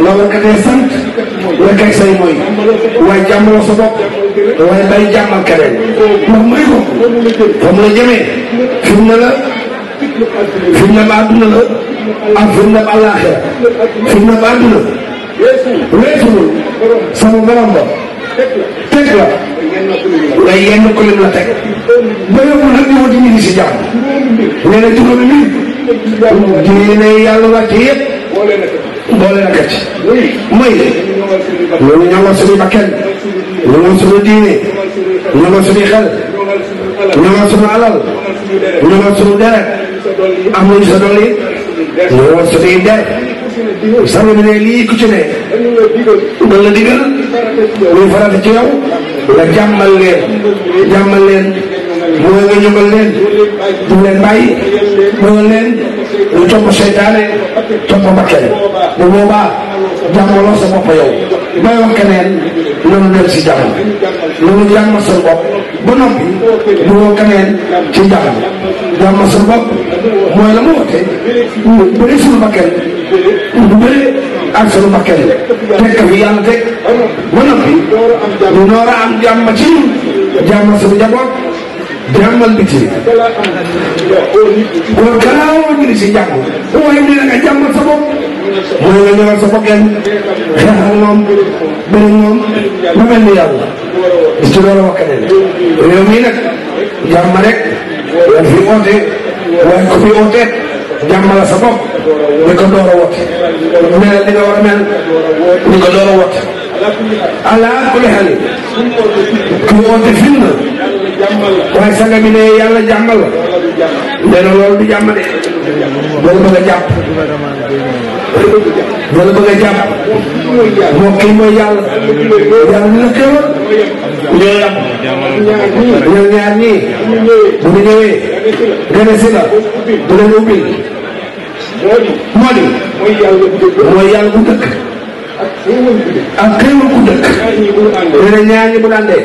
loolu ka dee sant la kay say mooy waaye jàmmaloo sa bopp waaye day jàmmal keneen ndax mooy ko fa mu la jëmee fitna la fitna ba àdduna la ak fitna ba àllaaxira fitna ba àdduna weesuwul sama borom ba teg la day yenn ko lim la teg ba yóbbu nag ñëw di ñu si jàmm nee na juróomi mi diine yàlla wàcce yëpp boole na ko ci mooy ñooñu ñoŋal suñu bakkan ñoŋal suñu diine ñoŋal suñu xel ñoŋal suñu alal ñoŋal suñu deret am nañu sa dolli ñoŋal suñuy der sax bi ne lii ku ci ne dañ la digal muy farata ci yow nga jàmmal leen jàmmal leen mooy nga ñoŋal leen bu leen bàyyi ñoŋal leen ñu topp seytaane topp bakkan bu boobaa jàngaloo sa bopp yow bay wax keneen loolu nekk ci jàmm loolu jàmmal sa bopp ba noppi bëggoo keneen ci jàmm jàmmal sa bopp mooy la ma woote bu bëri suñu bakkan bu bëri ak suñu bakkan tekk fi yàlla teg ba noppi ñu door a am jàmm ci jàmmal sa njaboot demal bi ci boo gaaw a jëli si njàng. bu waay nee na nga jàmbat sa bopp. mooy nga ñëwal sa bopp kenn. xeex door a woote. mel li nga war a mel. ni ko door a woote. ala kulli xel. ku woote fitna. waaye sanga bi ne yàlla jàmmal la. nee na loolu du jàmm de. loolu bëgg a jàpp. loolu bëgg a jàpp. moo kii mooy yàlla. yàlla na xéwal. ñoo yàpp. ñoo ñaar ñii. bu ñu ñëwee. gën a si la. bu leen ubbil. moo di. mooy yàlla bu dëkk. ak xéewal ku dëkk. nee na ñaar ñi bu daan dee.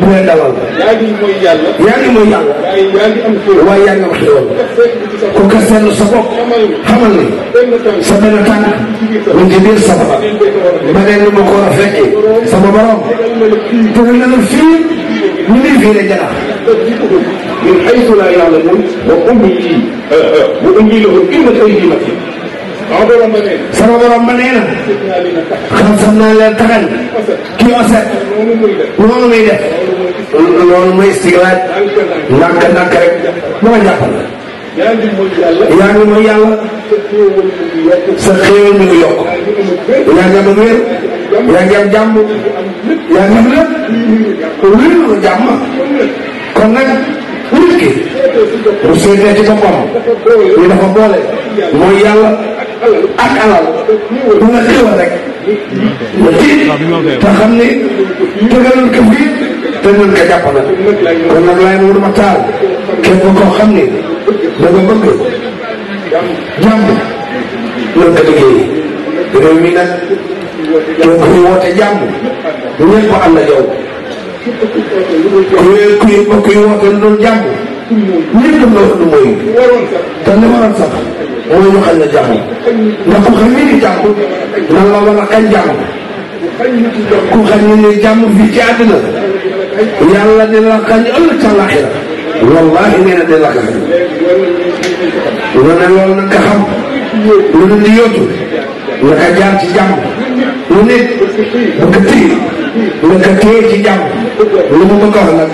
bu leen dalal. yaa ngi mooy yàlla. ku ko seetlu sa bopp. xamal ni. sa benn tànk. mu ngi biir sa bopp. ma ko war a fekkee. sama borom. tegal na la fii. ñu ngi fii rek janax. min xaytu laa ya'lamuun wa umli euh, euh, wa umli lahum inna kaydii matiin sama borom ba nee na. sama borom ba nee na. xam sax naa leen taxal. kii oset. noonu muy def. loolu mooy siglaaj. ndànk ndànk rek. ba ma jàppal la. yaa ngi mooy yàlla. sa xéewal mi ngi yokk. yaa ngi am yaa ngi am yaa ngi am lépp. wér na jàmm. kon nag nit ki. bu seetee ci boppam. ñu dafa boole. mooy yàlla. ak alal bu nga xéwal rek te xam ni tëgalul ko fii te mën ko jàppale kon nag laay wur ma taal képp koo xam ni dafa bëgg jàmm loolu ko liggéey réew mi nag képp kuy woote jàmm ñëpp ànd ak yow kuy kuy woote lu dul jàmm ñëpp la wax lu mooy te li waroon sax mooy ñu xañ la jàmm ndax ku xañ nit ñi jàmm nan la war a xañ jàmm ku xañ nit ñi jàmm fii ci àddina yàlla dina la xañ ëllëg ca laaxira wallaahi nee na dina la xañ nga ne loolu nag nga xam lu dul di yóotu nga ka jaar ci jàmm lu nekk ba ka téye nga ka téye ci jàmm lu mu bëgg a wax nag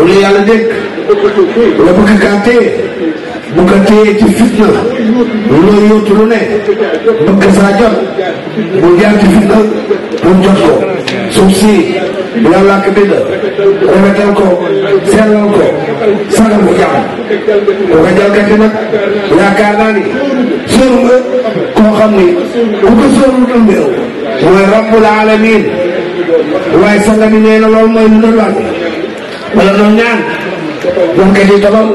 bu la yàlla dégg nga bëgg kaa téye bu ci fitna loo yóotu lu ne bëgg saa jot jaar ci fitna pour jot ko suuf si yàlla ak bind rafetal ko sellal ko sagal ko jàmm boo ko nag yaakaar naa ni sóoru nga xam ni ku ko sóoru dundee rabbul alamin waaye sanga bi nee na loolu mooy lu doon wala doon ñaan wonkati tolol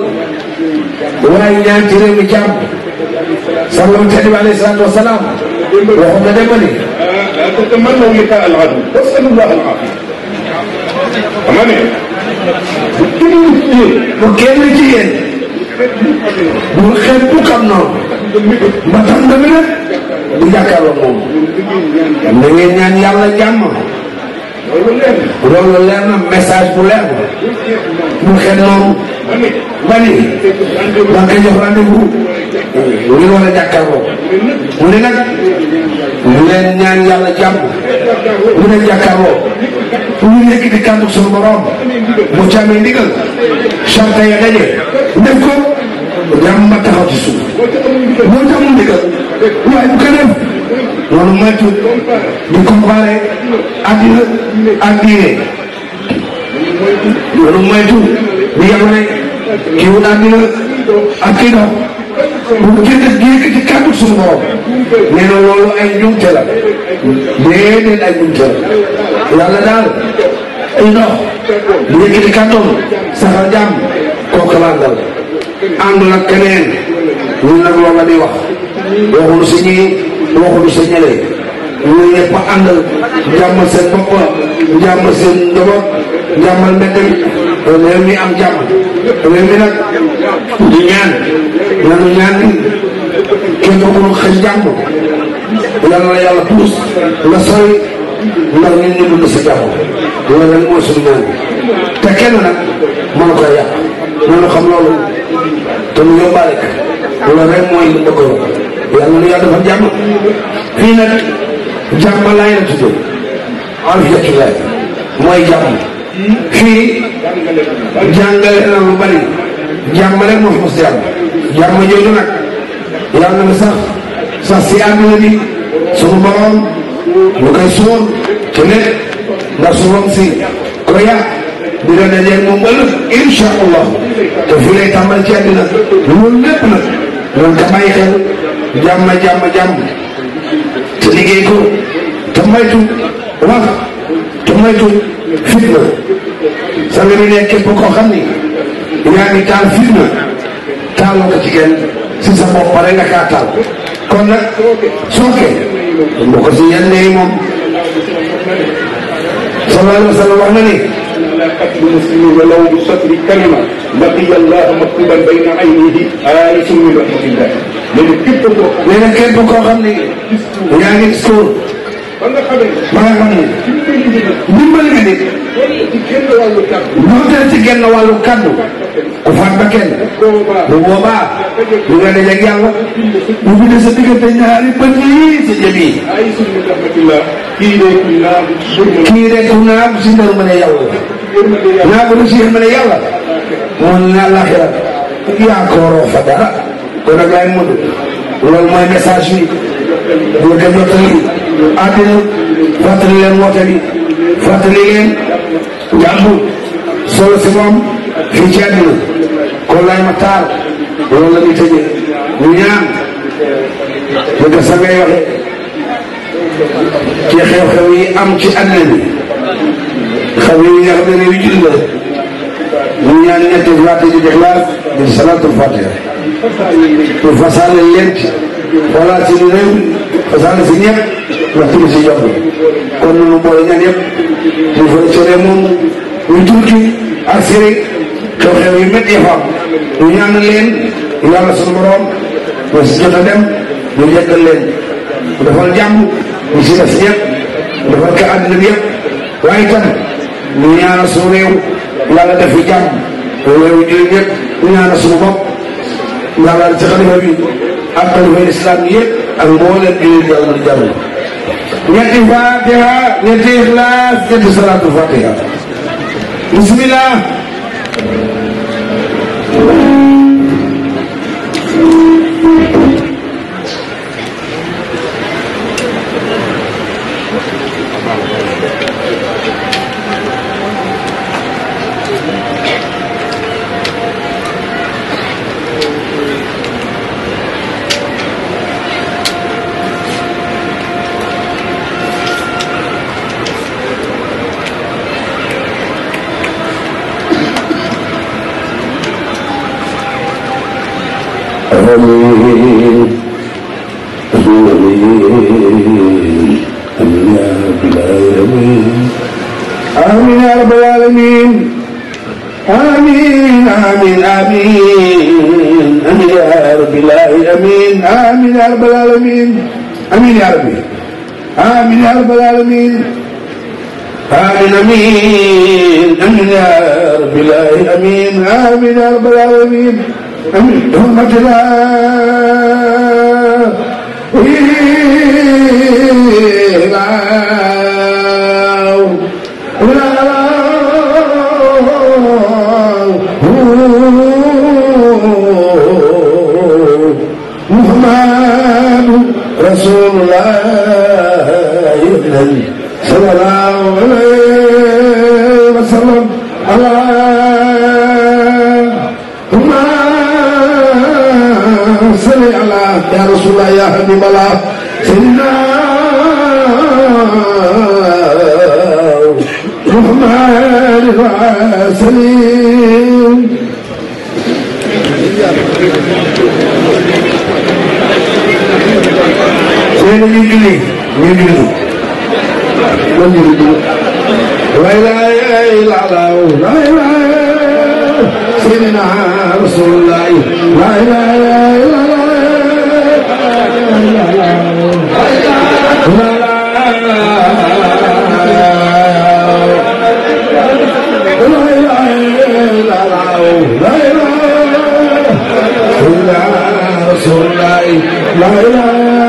waawi ñaan ci réew jàmm sababu tadi alayhi salaatu wa salaam waxoon na demani tatamannaw liqaa al aduw wasalu llah al aafiya bu kenn ci yéen bu kenn ci yéen bu xeet moom na ngeen ñaan yàlla jàmm loolu leer na message bu leer bu xet noonu ma ni da nga jox rendez-vous ñu war a jàkkaarloo mu ne nag mu leen ñaan yàlla jàmm mu ne jàkkaarloo ñu nekk di kàddu suñu borom mu càmmee ndigal charte ya daje def ko yàlla taxaw ci suuf moo ci amul ndigal waaye bu ko def loolu moytu di comparé àddina ak diine loolu moytu di yemale kiw àddina ak kii dox bu jënd di yëkkati kàddu suñu borom nee na loolu ay njuumte la déedéet ay njuumte la yàlla daal ay dox di yëkkati kàddoom saxal jàmm kooku laa dal ànd nag keneen ñun nag loolu la ñuy wax waxul si ñii waxul si ñële ñun ñëpp a ànd jàmmal seen bopp jàmmal seen njaboot jàmmal mbedd mi réew mi am jàmm réew mi nag di ñaan nanu ñaan bi kenn ku ñu xëy jàmm yàlla na yàlla puus la sori ndax nit ñi dund si jàmm loolu rek mooy suñu ñaan bi te kenn nag mënu koy yàq mënu xam loolu te mu yóbbaale ko loolu rek mooy lu bëgg a yàlla na yàlla dafa jàmm fii nag jàmm laay la tudd alhamdulilah mooy jàmm fii jàngale na lu bari jàmm rek moo fi mos jàmm jàmm jooju nag yàlla na mu sax sax si àdduna bi suñu borom lu koy suur te ne ndax suufam si ko dina ne leen moom ëllëg incha allah te fu lay tàmbal ci àddina loolu lépp nag loolu te bàyyi xel jàmm te liggéey ko te moytu wax te moytu fitna sa nga ne képp xam ni yaa ngi taal fitna taaloo ko ci kenn si sa bopp pare nga kaa kon nag sooke bu ko si yenn yi moom sallam wax na ni على قتل المسلم ولو بسطر كلمة لقي الله مكتوبا بين عينيه آية من رحمة الله. nee na képp koo xam ne yaa ngi suur ba nga xam ne. dimbali nga nit. wuuteel ci genn wàllu kàddu. ku faat ba kenn. bu boobaa. lu nga daj ak yàlla. mu bind sa diggante ñaari bët yi sa jëm yi. kii de ku naam si ndar ma ne yàlla. naagul si yéen ma ne yàlla. moom naa laaxira yaa ko waroo fa dara. kon nag laay mën loolu mooy message bi. boo dem na tamit àddina fàttali leen woote bi fàttali leen jàmbu solo si moom fii ci àddina kon laay ma taal loolu la ñu tëjee ñu ñaan ñu ko sangay waxe ci xew-xew yi am ci àddina bi xew yi nga xam ne yu jul la ñu ñaan ñetti fàtte di dexlaas di salaatul fatiha pour fasale leen ci wala ci ni ren basaan si ñëpp waxtu bi kon nu boole ñaan yëpp fa cere moom ñu tuuti ak sëriñ xew-xew yu métti fa ñu ñaan leen yàlla suñu borom ba si a dem ñu yeggal leen mu defal jàmm ñu si defal ko àddina bi yëpp waaye itam ñu ñaanal suñu réew yàlla def ak tarixa islam yëpp ak mboolem jullit yi amul jàmm ñetti fatiha ñetti ixlaas ñetti salaatul fatiha bismillah amiin yaa rabbi amiin yaa rabbal aalamiin amiin amiin amiin yaa rabbil aalamiin amiin yaa rabbal aalamiin amiin hurmatina ilaaw النبي صلى الله عليه وسلم على هما صل على يا رسول الله يا حبيب الله سيدنا محمد وسليم Thank you. ونرجو لا إله إلا الله لا إله سيدنا رسول الله لا إله إلا الله رسول الله لا اله